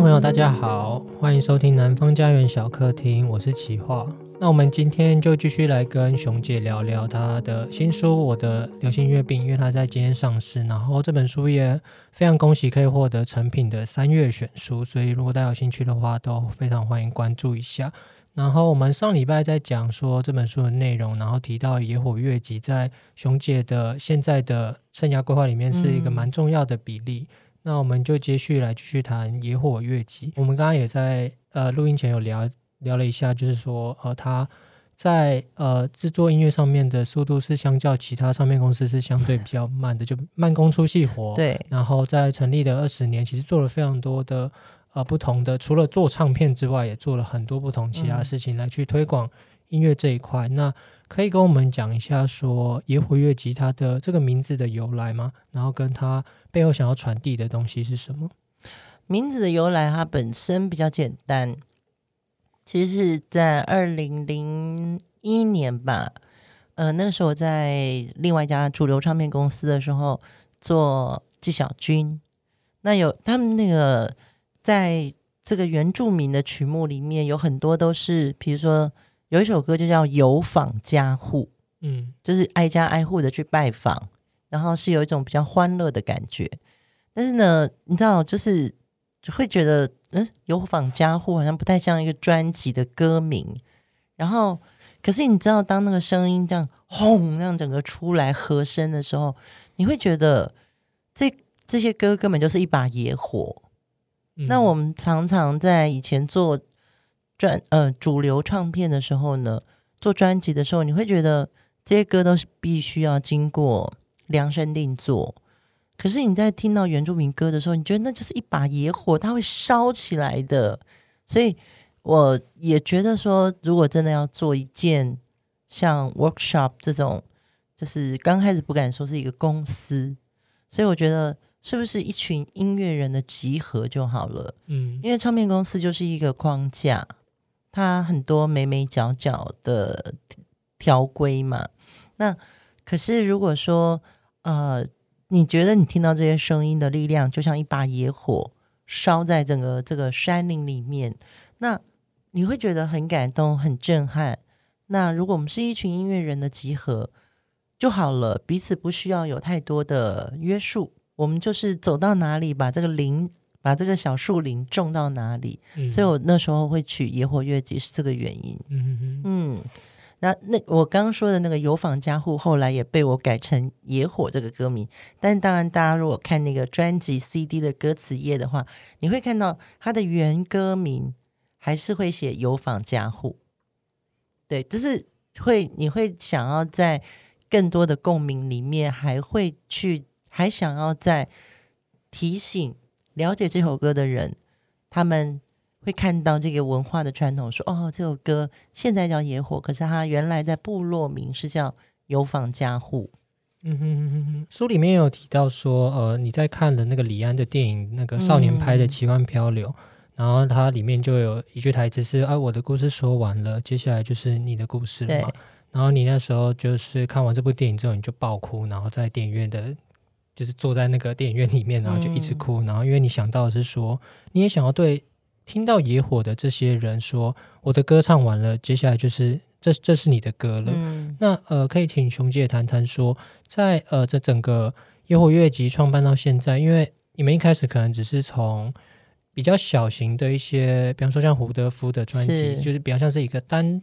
朋友，大家好，歡迎收聽《南方家園小客廳》，我是奇畫。那我們今天就繼續來跟熊姐聊聊她的新書《我的流行音樂病》，因為她在今天上市。然後這本書也非常恭喜可以獲得誠品的三月選書，所以如果大家有興趣的話，都非常歡迎關注一下。然後我們上禮拜在講說這本書的內容，然後提到野火樂集在熊姐的現在的生涯規劃裡面是一個蠻重要的比例。嗯那我們就接續來繼續談野火樂集。我們剛剛也在呃錄音前有聊聊了一下，就是說呃他在呃制作音樂上面的速度是相較其他唱片公司是相對比較慢的， 就慢工出細活。對，然後在成立的二十年，其實做了非常多的呃不同的，除了做唱片之外，也做了很多不同其他事情來去推廣。嗯音樂這一塊，那可以跟我們講一下說“野火樂吉他”的這個名字的由來嗎？然後跟他背後想要傳遞的東西是什麼？名字的由來，它本身比較簡單。其實是在二零零一年吧，呃，那個、時候在另外一家主流唱片公司的時候做紀曉君。那有他們那個在這個原住民的曲目裡面有很多都是，比如說。有一首歌就叫《有訪家戶》，嗯，就是挨家挨戶的去拜訪，然後是有一種比較歡樂的感覺。但是呢，你知道，就是會覺得，嗯、呃，《有訪家戶》好像不太像一個專輯的歌名。然後，可是你知道，當那個聲音這樣轟，那樣整個出來和聲的時候，你會覺得這這些歌根本就是一把野火。嗯、那我們常常在以前做。專呃主流唱片的時候呢，做專輯的時候，你會覺得這些歌都是必須要經過量身定做。可是你在聽到原住民歌的時候，你覺得那就是一把野火，它會燒起來的。所以我也覺得說，如果真的要做一件像 workshop 這種，就是剛開始不敢說是一個公司，所以我覺得是不是一群音樂人的集合就好了？嗯，因為唱片公司就是一個框架。它很多眉眉角角的條規嘛，那可是如果說呃，你覺得你聽到這些聲音的力量，就像一把野火燒在整個這個山林裡面，那你會覺得很感動、很震撼。那如果我們是一群音樂人的集合就好了，彼此不需要有太多的約束，我們就是走到哪裡把這個零。把這個小樹林種到哪裡？嗯、哼所以，我那時候會取《野火樂集》，是這個原因。嗯，哼哼嗯，那那我剛剛說的那個“油坊家戶”後來也被我改成《野火》這個歌名。但當然，大家如果看那個專輯 CD 的歌詞頁的話，你會看到它的原歌名還是會寫“油坊家戶”。對，就是會你會想要在更多的共鳴裡面，還會去還想要在提醒。了解這首歌的人，他們會看到這個文化的傳統，說，哦，這首歌現在叫野火，可是它原來在部落名是叫油坊家戶。嗯哼哼哼哼。書裡面有提到說，呃，你在看了那個李安的電影，那個少年派的《奇幻漂流》，嗯、然後它裡面就有一句台詞是：啊，我的故事說完了，接下來就是你的故事嘛。對然後你那時候就是看完這部電影之後，你就爆哭，然後在電影院的。就是坐在那個電影院裡面，然後就一直哭，嗯、然後因為你想到的是說，你也想要對聽到野火的這些人說，我的歌唱完了，接下來就是這這是你的歌了。嗯、那呃，可以請熊姐談談說，在呃這整個野火樂集創辦到現在，因為你們一開始可能只是從比較小型的一些，比方說像胡德夫的專輯，是就是比方像是一個單，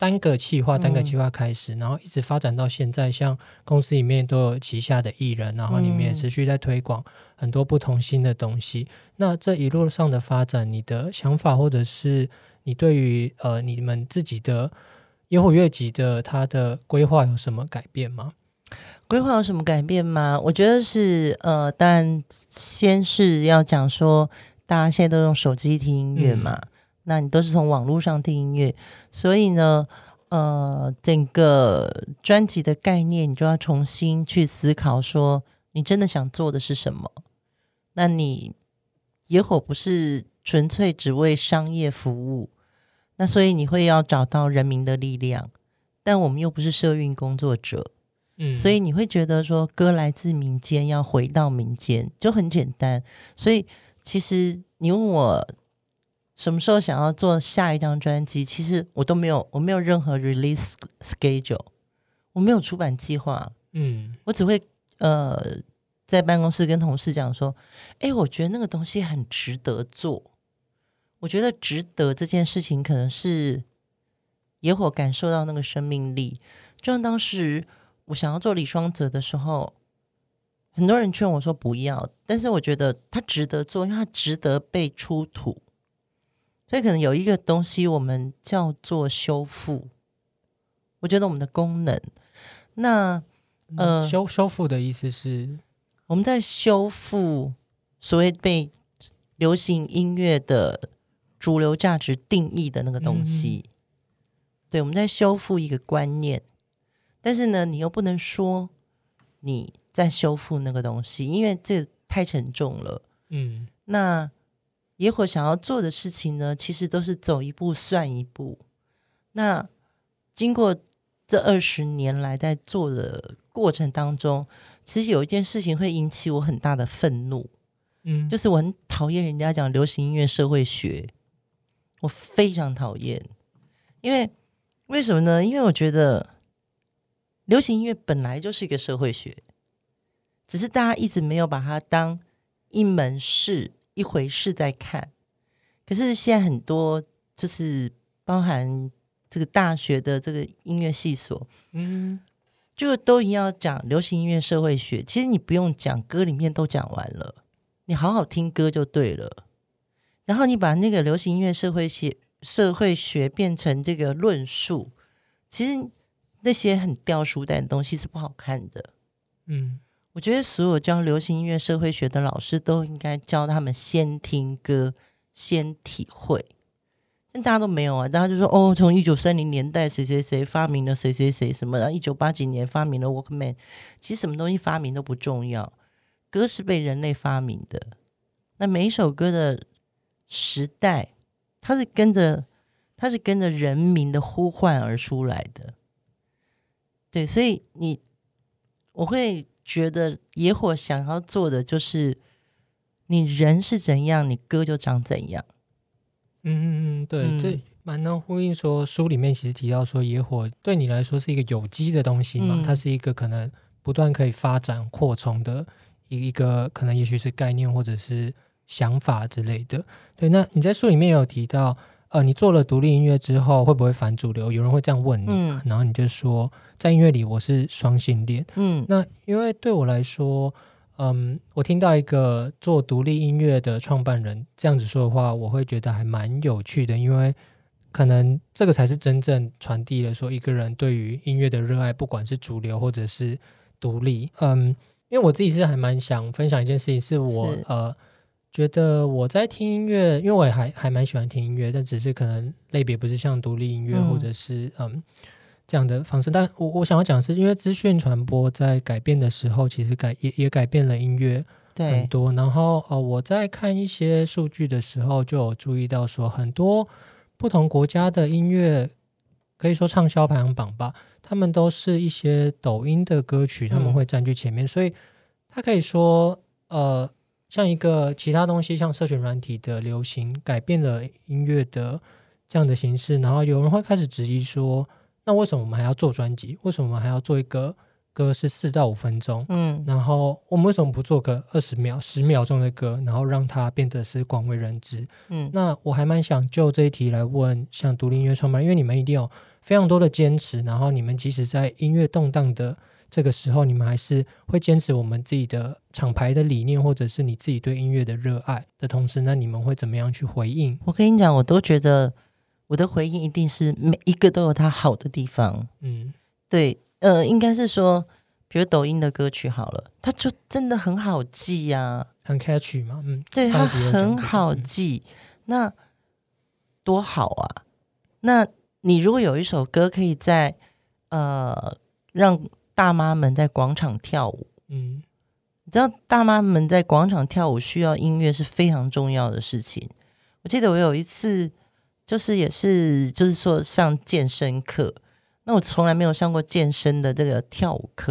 單個企劃，單個企劃開始，嗯、然後一直發展到現在，像公司裡面都有旗下的藝人，然後裡面持續在推廣很多不同新的東西。嗯、那這一路上的發展，你的想法或者是你對於呃你們自己的野火樂集的它的規劃有什麼改變嗎？規劃有什麼改變嗎？我覺得是呃，當然先是要講說，大家現在都用手機聽音樂嘛。嗯那你都是從網絡上聽音樂，所以呢，呃，整個專輯的概念你就要重新去思考說，說你真的想做的是什麼？那你野火不是純粹只為商業服務，那所以你會要找到人民的力量，但我們又不是社運工作者，嗯，所以你會覺得說歌來自民間，要回到民間就很簡單。所以其實你問我。什麼時候想要做下一張專輯？其實我都沒有，我沒有任何 release schedule，我沒有出版計劃。嗯，我只會呃在辦公室跟同事講說：“哎、欸，我覺得那個東西很值得做。”我覺得值得這件事情，可能是野火感受到那個生命力。就像當時我想要做李雙澤的時候，很多人勸我說不要，但是我覺得他值得做，因為他值得被出土。所以可能有一個東西，我們叫做修復。我覺得我們的功能，那呃，修修復的意思是，我們在修復所謂被流行音樂的主流價值定義的那個東西。嗯、哼對，我們在修復一個觀念，但是呢，你又不能說你在修復那個東西，因為這太沉重了。嗯，那。野火想要做的事情呢，其實都是走一步算一步。那經過這二十年來在做的過程當中，其實有一件事情會引起我很大的憤怒，嗯，就是我很討厭人家講流行音樂社會學，我非常討厭，因為為什麼呢？因為我覺得流行音樂本來就是一個社會學，只是大家一直沒有把它當一門事，一回事在看，可是現在很多就是包含這個大學的這個音樂系所，嗯，就都一樣。要講流行音樂社會學。其實你不用講，歌裡面都講完了，你好好聽歌就對了。然後你把那個流行音樂社會學、社會學變成這個論述，其實那些很掉書袋的東西是不好看的，嗯。我覺得所有教流行音樂社會學的老師都應該教他們先聽歌，先體會，但大家都沒有啊！大家就說：“哦，從一九三零年代誰誰誰發明了誰誰誰什麼，然後一九八幾年發明了 Walkman，其實什麼東西發明都不重要，歌是被人類發明的。那每一首歌的時代，它是跟着它是跟着人民的呼喚而出來的，對，所以你我會。”覺得野火想要做的就是，你人是怎樣，你歌就長怎樣。嗯嗯嗯，對，嗯、這蠻能呼應說。說書裡面其實提到說，野火對你來說是一個有機的東西嘛，嗯、它是一個可能不斷可以發展擴充的一一個可能，也許是概念或者是想法之類的。對，那你在書裡面有提到。呃，你做了獨立音樂之後會不會反主流？有人會這樣問你，嗯、然後你就說，在音樂裡我是雙性戀。嗯，那因為對我來說，嗯，我聽到一個做獨立音樂的創辦人這樣子說的話，我會覺得還蠻有趣的，因為可能這個才是真正傳遞了說一個人對於音樂的熱愛，不管是主流或者是獨立。嗯，因為我自己是還蠻想分享一件事情，是我呃。覺得我在聽音樂，因為我也還還蠻喜歡聽音樂，但只是可能類別不是像獨立音樂或者是嗯，嗯這樣的方式。但我我想要講是因為資訊傳播在改變的時候，其實改也也改變了音樂很多。對然後呃，我在看一些數據的時候就有注意到說，很多不同國家的音樂可以說暢銷排行榜吧，他們都是一些抖音的歌曲，他們會占據前面，嗯、所以它可以說呃。像一個其他東西，像社群軟體的流行，改變了音樂的這樣的形式，然後有人會開始質疑說，那為什麼我們還要做專輯？為什麼我們還要做一個歌是四到五分鐘？嗯，然後我們為什麼不做個二十秒、十秒鐘的歌，然後讓它變得是廣為人知？嗯，那我還蠻想就這一題來問，像獨立音樂創辦，因為你們一定有非常多的堅持，然後你們即使在音樂動盪的。這個時候，你們還是會堅持我們自己的廠牌的理念，或者是你自己對音樂的熱愛的同時呢，那你們會怎麼樣去回應？我跟你講，我都覺得我的回應一定是每一個都有它好的地方。嗯，對，呃，應該是說，比如抖音的歌曲好了，它就真的很好記呀，啊，很 catchy 嘛，嗯，對，它很好記，嗯，那多好啊！那你如果有一首歌可以在呃讓大媽們在廣場跳舞，嗯，你知道大媽們在廣場跳舞需要音樂是非常重要的事情。我記得我有一次就是也是就是說上健身課，那我從來沒有上過健身的這個跳舞課，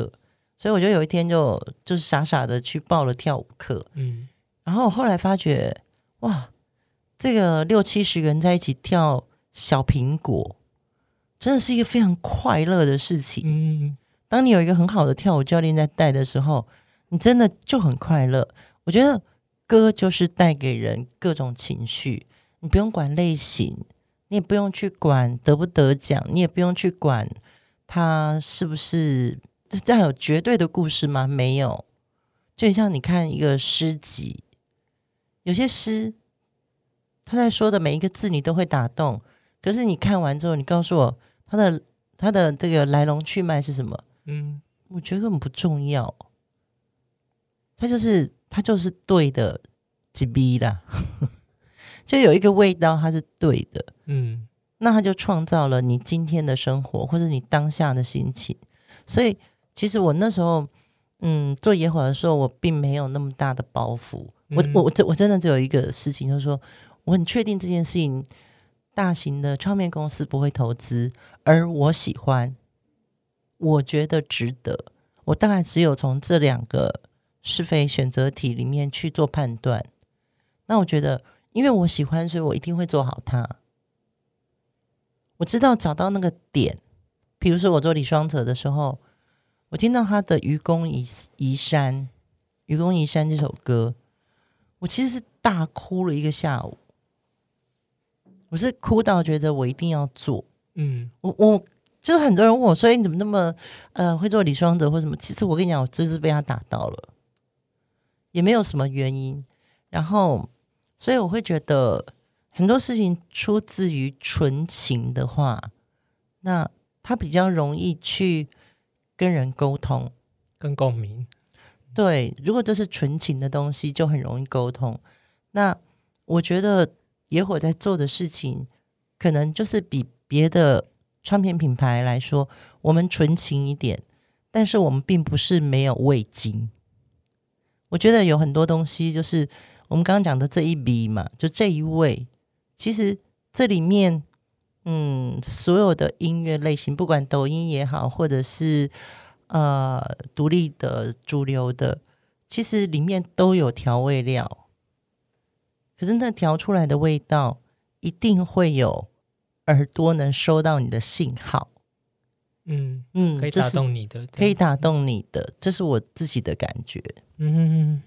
所以我就有一天就就是傻傻的去報了跳舞課，嗯，然後我後來發覺哇，這個六七十個人在一起跳小蘋果，真的是一個非常快樂的事情，嗯，嗯。當你有一個很好的跳舞教練在帶的時候，你真的就很快樂。我覺得歌就是帶給人各種情緒，你不用管類型，你也不用去管得不得獎，你也不用去管他是不是這這還有絕對的故事嗎？沒有，就像你看一個詩集，有些詩他在說的每一個字你都會打動，可是你看完之後，你告訴我他的他的這個來龍去脈是什麼？嗯，我覺得很不重要。他就是他就是對的，G B 啦， 就有一個味道，它是對的。嗯，那他就創造了你今天的生活，或者你當下的心情。所以，其實我那時候，嗯，做野火的時候，我並沒有那麼大的包袱。嗯、我我我真我真的只有一個事情，就是說，我很確定這件事情，大型的唱片公司不會投資，而我喜歡。我覺得值得。我大概只有從這兩個是非選擇題裡面去做判斷。那我覺得，因為我喜歡，所以我一定會做好它。我知道找到那個點，比如說我做李雙澤的時候，我聽到他的《愚公移移山》《愚公移山》這首歌，我其實是大哭了一個下午。我是哭到覺得我一定要做。嗯，我我。我就是很多人問我，所以你怎麼那麼，呃，會做李雙澤或什麼？其實我跟你講，我就是被他打到了，也沒有什麼原因。然後，所以我會覺得很多事情出自於純情的話，那他比較容易去跟人溝通、跟共鳴。對，如果這是純情的東西，就很容易溝通。那我覺得野火在做的事情，可能就是比別的。唱片品牌來說，我們純情一點，但是我們並不是沒有味精。我覺得有很多東西，就是我們剛剛講的這一味嘛，就這一味。其實這裡面，嗯，所有的音樂類型，不管抖音也好，或者是呃獨立的、主流的，其實裡面都有調味料。可是那調出來的味道，一定會有耳朵能收到你的信號，嗯嗯，嗯可以打動你的是可以打動你的對這是我自己的感覺。嗯嗯，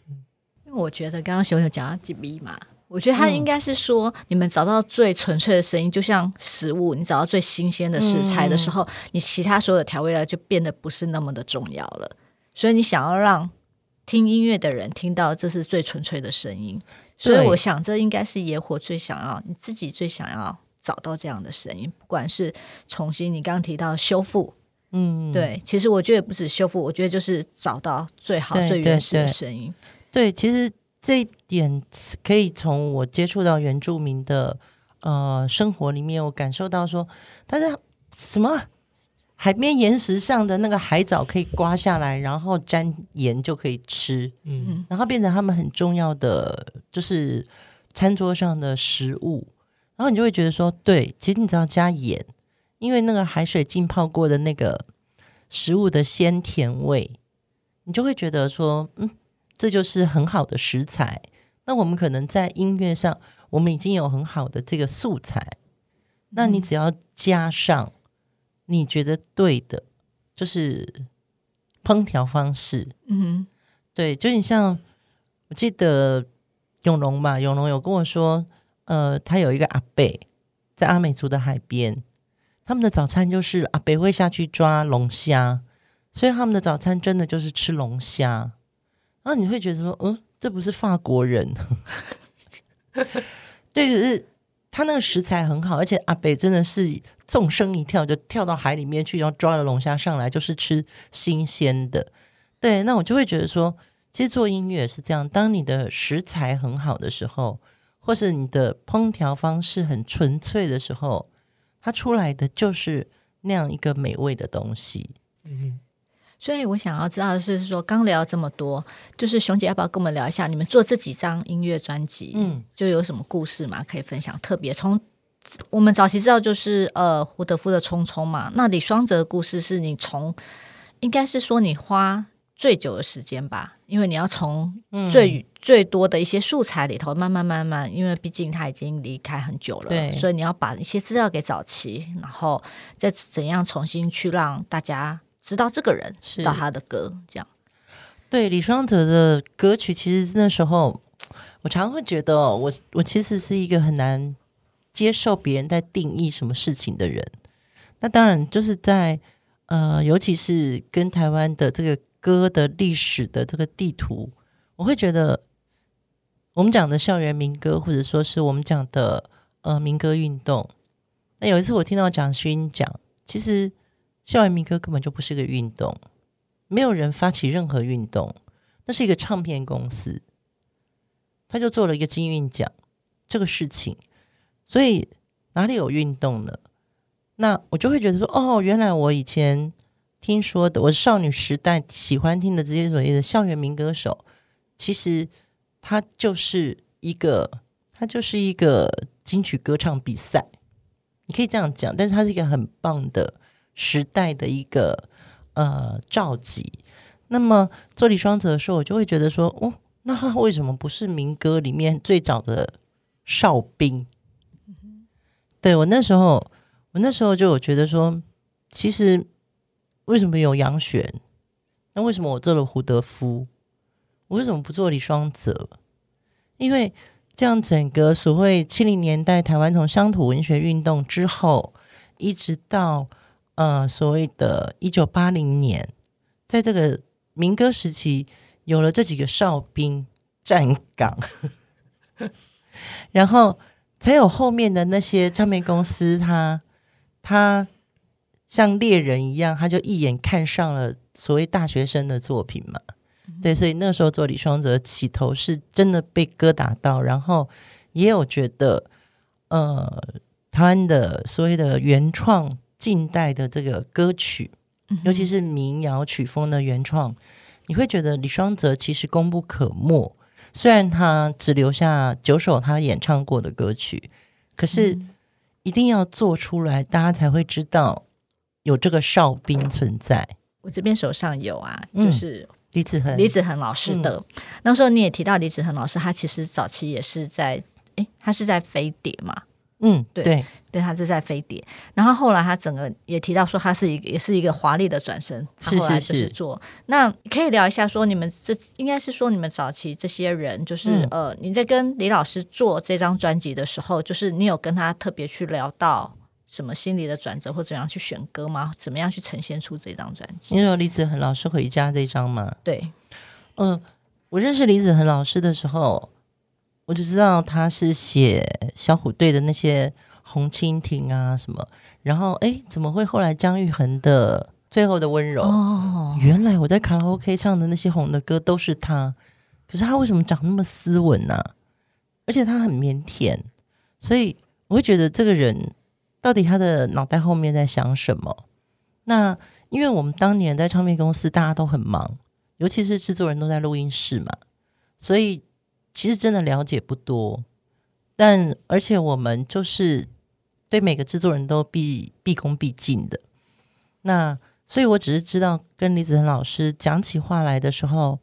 因為我覺得剛剛熊熊講到緊密嘛，我覺得他應該是說，你們找到最純粹的聲音，嗯、就像食物，你找到最新鮮的食材的時候，嗯、你其他所有的調味料就變得不是那麼的重要了。所以你想要讓聽音樂的人聽到這是最純粹的聲音，所以我想這應該是野火最想要，你自己最想要，找到這樣的聲音，不管是重新，你剛剛提到修復，嗯，對，其實我覺得不止修復，我覺得就是找到最好對最原始的聲音對對。對，其實這一點可以從我接觸到原住民的呃生活裡面，我感受到說，大家什麼海邊岩石上的那個海藻可以刮下來，然後沾鹽就可以吃，嗯，然後變成他們很重要的就是餐桌上的食物。然後你就會覺得說，對，其實你只要加鹽，因為那個海水浸泡過的那個食物的鮮甜味，你就會覺得說，嗯，這就是很好的食材。那我們可能在音樂上，我們已經有很好的這個素材，那你只要加上你覺得對的，就是烹調方式。嗯哼，對，就你像我記得永隆嘛，永隆有跟我說。呃，他有一個阿伯，在阿美族的海邊，他們的早餐就是阿伯會下去抓龍蝦，所以他們的早餐真的就是吃龍蝦。然、啊、後你會覺得說，嗯、呃，這不是法國人？ 對、就是，他那個食材很好，而且阿北真的是縱身一跳就跳到海裡面去，然後抓了龍蝦上來，就是吃新鮮的。對，那我就會覺得說，其實做音樂也是這樣，當你的食材很好的時候。或是你的烹調方式很純粹的時候，它出來的就是那樣一個美味的東西。嗯哼，所以我想要知道的是說，說剛聊這麼多，就是熊姐，要不要跟我們聊一下你們做這幾張音樂專輯，嗯，就有什麼故事嗎？可以分享？特別從我們早期知道，就是呃胡德夫的《匆匆》嘛，那李雙澤的故事是你從應該是說你花。最久的時間吧，因為你要從最、嗯、最多的一些素材裡頭慢慢慢慢，因為畢竟他已經離開很久了，對所以你要把一些資料給找齊，然後再怎樣重新去讓大家知道這個人，是知道他的歌，這樣。對李雙澤的歌曲，其實那時候我常常會覺得我，我我其實是一個很難接受別人在定義什麼事情的人。那當然就是在呃，尤其是跟台灣的這個。歌的歷史的這個地圖，我會覺得我們講的校園民歌，或者說是我們講的呃民歌運動。那有一次我聽到蔣勳講，其實校園民歌根本就不是一個運動，沒有人發起任何運動，那是一個唱片公司，他就做了一個金韻獎這個事情，所以哪裡有運動呢？那我就會覺得說，哦，原來我以前。聽說的，我少女時代喜歡聽的這些所謂的校園民歌手，其實他就是一個，他就是一個金曲歌唱比賽，你可以這樣講。但是他是一個很棒的時代的一個呃召集。那麼做李雙澤的時候，我就會覺得說，哦，那他為什麼不是民歌裡面最早的哨兵？嗯哼。對我那時候，我那時候就我覺得說，其實。為什麼有楊弦？那、啊、為什麼我做了胡德夫？我為什麼不做李雙澤？因為這樣，整個所謂七零年代台灣從鄉土文學運動之後，一直到呃所謂的一九八零年，在這個民歌時期，有了這幾個哨兵站崗， 然後才有後面的那些唱片公司，他他。像獵人一樣，他就一眼看上了所謂大學生的作品嘛？嗯、哼對，所以那時候做李雙澤起頭是真的被歌打到，然後也有覺得，呃，台灣的所謂的原創近代的這個歌曲，尤其是民謠曲風的原創，嗯、哼你會覺得李雙澤其實功不可沒。雖然他只留下九首他演唱過的歌曲，可是一定要做出來，嗯、大家才會知道。有這個哨兵存在，嗯、我這邊手上有啊，就是李子恆、嗯，李子恆老師的。嗯、那時候你也提到李子恆老師，他其實早期也是在，誒、欸，他是在飛碟嘛，嗯，對對，對，對他是在飛碟，然後後來他整個也提到說，他是一個也是一個華麗的轉身，他後來就是做。是是是。那可以聊一下說，你們這應該是說你們早期這些人，就是、嗯、呃，你在跟李老師做這張專輯的時候，就是你有跟他特別去聊到。什麼心理的轉折，或怎樣去選歌嗎？怎麼樣去呈現出這張專輯？你有李子恆老師《回家》這張嗎？對，嗯、呃，我認識李子恆老師的時候，我只知道他是寫小虎隊的那些紅蜻蜓啊什麼，然後哎、欸，怎麼會後來姜育恆的《最後的溫柔》哦？原來我在卡拉 OK 唱的那些紅的歌都是他，可是他為什麼長那麼斯文呢、啊？而且他很腼腆，所以我會覺得這個人。到底他的腦袋後面在想什麼？那因為我們當年在唱片公司，大家都很忙，尤其是製作人都在錄音室嘛，所以其實真的了解不多。但而且我們就是對每個製作人都畢畢恭畢敬的。那所以，我只是知道跟李子恆老師講起話來的時候，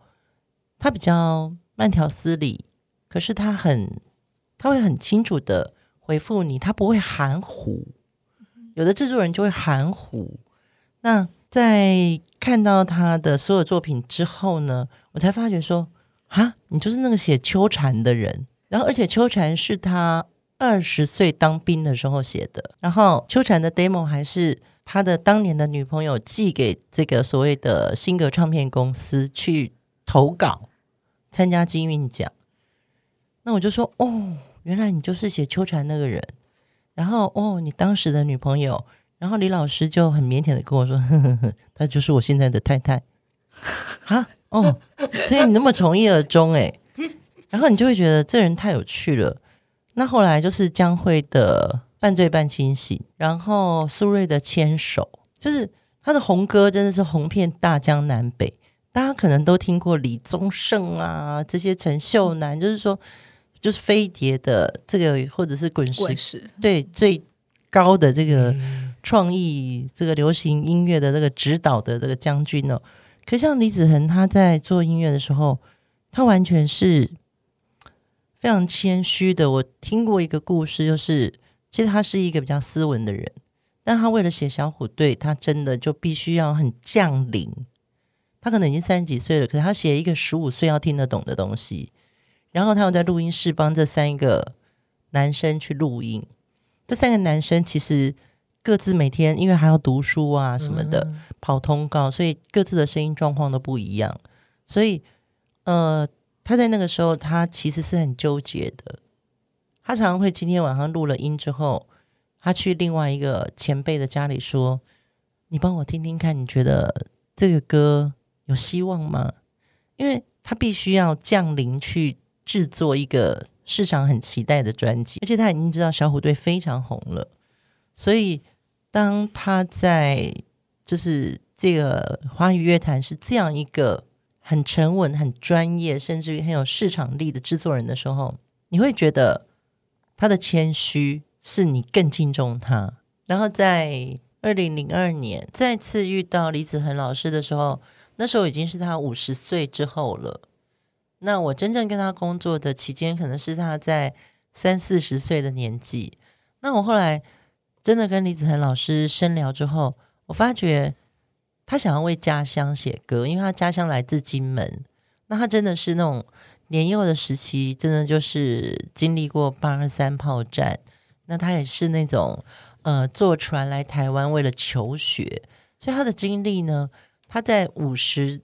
他比較慢條斯理，可是他很他會很清楚的。回復你，他不會含糊，有的製作人就會含糊。那在看到他的所有作品之後呢，我才發覺說，啊，你就是那個寫《秋蟬》的人。然後，而且《秋蟬》是他二十歲當兵的時候寫的。然後，《秋蟬》的 demo 還是他的當年的女朋友寄給這個所謂的新格唱片公司去投稿，參加金韻獎。那我就說，哦。原來你就是寫秋蟬那個人，然後哦，你當時的女朋友，然後李老師就很腼腆的跟我說，呵呵呵她就是我現在的太太，啊哦，所以你那麼從一而終哎、欸，然後你就會覺得這人太有趣了。那後來就是江蕙的半醉半清醒，然後蘇芮的牽手，就是他的紅歌真的是紅遍大江南北，大家可能都聽過李宗盛啊，這些陳秀男，就是說。就是飛碟的這個，或者是滾石，滾石，對，最高的這個創意，這個流行音樂的這個指導的這個將軍哦，嗯、可像李子恆，他在做音樂的時候，他完全是非常謙虛的。我聽過一個故事，就是其實他是一個比較斯文的人，但他為了寫《小虎隊》，他真的就必須要很降臨。他可能已經三十幾歲了，可是他寫一個十五歲要聽得懂的東西。然後他又在錄音室幫這三個男生去錄音。這三個男生其實各自每天因為還要讀書啊什麼的，嗯嗯，跑通告，所以各自的聲音狀況都不一樣。所以，呃，他在那個時候他其實是很糾結的。他常常會今天晚上錄了音之後，他去另外一個前輩的家裡說：“你幫我聽聽看，你覺得這個歌有希望嗎？”因為他必須要降臨去。製作一個市場很期待的專輯，而且他已經知道小虎隊非常紅了。所以，當他在就是這個華語樂壇是這樣一個很沉穩、很專業，甚至於很有市場力的製作人的時候，你會覺得他的謙虛是你更敬重他。然後在，在二零零二年再次遇到李子恆老師的時候，那時候已經是他五十歲之後了。那我真正跟他工作的期間，可能是他在三四十歲的年紀。那我後來真的跟李子恆老師深聊之後，我發覺他想要為家鄉寫歌，因為他家鄉來自金門。那他真的是那種年幼的時期，真的就是經歷過八二三炮戰。那他也是那種呃，坐船來台灣為了求學，所以他的經歷呢，他在五十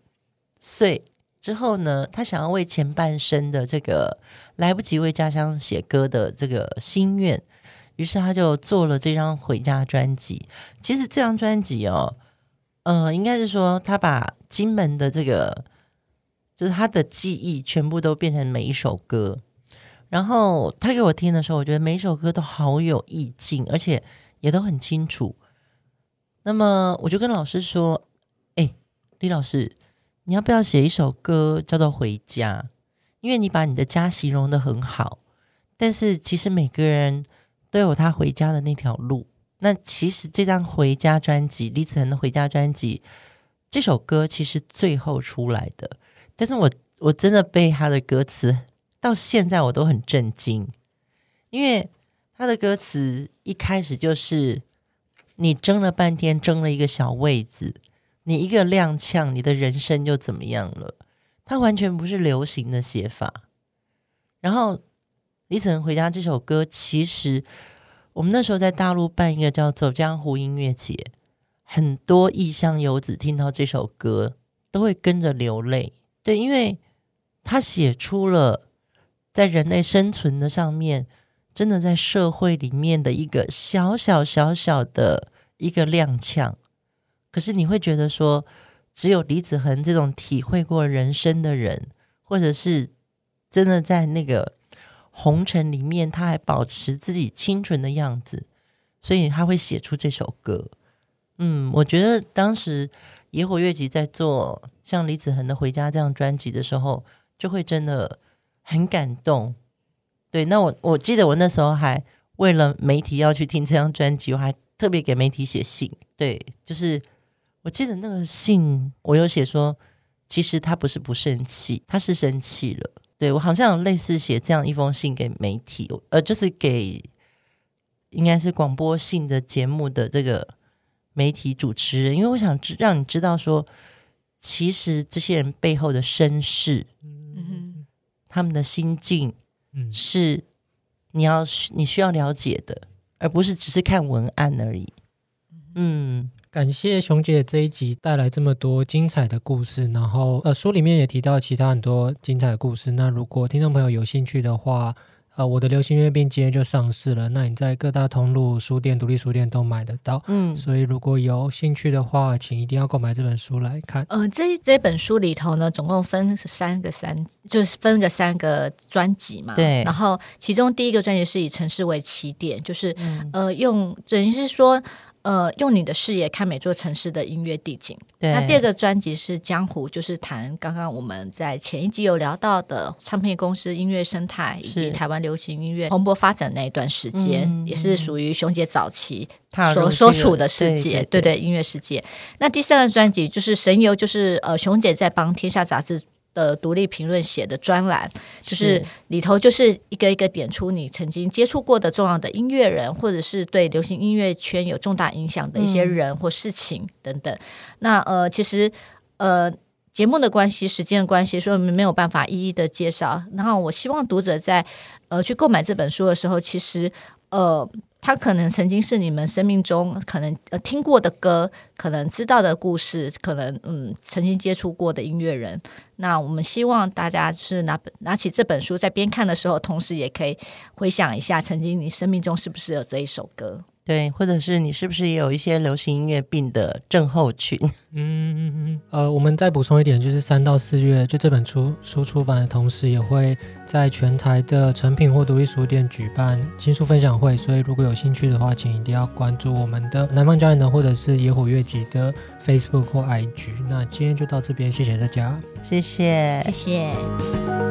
歲之後呢，他想要為前半生的這個來不及為家鄉寫歌的這個心願，於是他就做了這張回家專輯。其實這張專輯哦，呃，應該是說他把金門的這個，就是他的記憶全部都變成每一首歌。然後他給我聽的時候，我覺得每一首歌都好有意境，而且也都很清楚。那麼我就跟老師說：“哎，李老師。”你要不要寫一首歌叫做《回家》，因為你把你的家形容得很好，但是其實每個人都有他回家的那條路。那其實這張《回家》專輯，李子恆的《回家》專輯，這首歌其實最後出來的，但是我我真的被他的歌詞，到現在我都很震驚，因為他的歌詞一開始就是你爭了半天，爭了一個小位子。你一個踉蹌，你的人生又怎麼樣了？它完全不是流行的寫法。然後，李子恆回家這首歌，其實我們那時候在大陸辦一個叫“走江湖”音樂節，很多異鄉游子聽到這首歌都會跟着流淚。對，因為他寫出了在人類生存的上面，真的在社會裡面的一個小小小小的一個踉蹌。可是你會覺得說，只有李子恆這種體會過人生的人，或者是真的在那個紅塵裡面，他還保持自己清純的樣子，所以他會寫出這首歌。嗯，我覺得當時野火樂集在做像李子恆的《回家》這張專輯的時候，就會真的很感動。對，那我我記得我那時候還為了媒體要去聽這張專輯，我還特別給媒體寫信。對，就是。我記得那個信，我有寫說，其實他不是不生氣，他是生氣了。對，我好像有類似寫這樣一封信給媒體，呃，就是給應該是廣播性的節目的這個媒體主持人，因為我想讓你知道說，其實這些人背後的身世，嗯哼，他們的心境，嗯，是你要、嗯、你需要了解的，而不是只是看文案而已，嗯。感謝熊姐這一集帶來這麼多精彩的故事，然後呃，書裡面也提到其他很多精彩的故事。那如果聽眾朋友有興趣的話，呃，我的《流行音樂病》今天就上市了，那你在各大通路書店、獨立書店都買得到，嗯，所以如果有興趣的話，請一定要購買這本書來看。呃，這這本書裡頭呢，總共分三個三，就是分三個三個專輯嘛，對。然後其中第一個專輯是以城市為起點，就是、嗯、呃，用等於是說。呃，用你的視野看每座城市的音樂地景。對那第二個專輯是《江湖》，就是談剛剛我們在前一集有聊到的唱片公司、音樂生態以及台灣流行音樂蓬勃發展那一段時間，是也是屬於熊姐早期所所處的世界。對，對對，對對音樂世界。那第三個專輯就是《神遊》，就是呃，熊姐在幫《天下》雜誌。呃，獨立評論寫的專欄，就是裡頭就是一個一個點出你曾經接觸過的重要的音樂人，或者是對流行音樂圈有重大影響的一些人或事情、嗯、等等。那呃，其實呃，節目的關係、時間的關係，所以我們沒有辦法一一的介紹。然後，我希望讀者在呃去購買這本書的時候，其實呃。他可能曾經是你們生命中可能呃聽過的歌，可能知道的故事，可能嗯曾經接觸過的音樂人。那我們希望大家是拿拿起這本書，在邊看的時候，同時也可以回想一下，曾經你生命中是不是有這一首歌。對，或者是你是不是也有一些流行音樂病的症候群？嗯嗯嗯。呃，我們再補充一點，就是三到四月就這本出書，書出版的同時，也會在全台的誠品或獨立書店舉辦新書分享會。所以如果有興趣的話，請一定要關注我們的南方家園，的，或者是野火樂集的 Facebook 或 IG。那今天就到這邊，謝謝大家，謝謝，謝謝。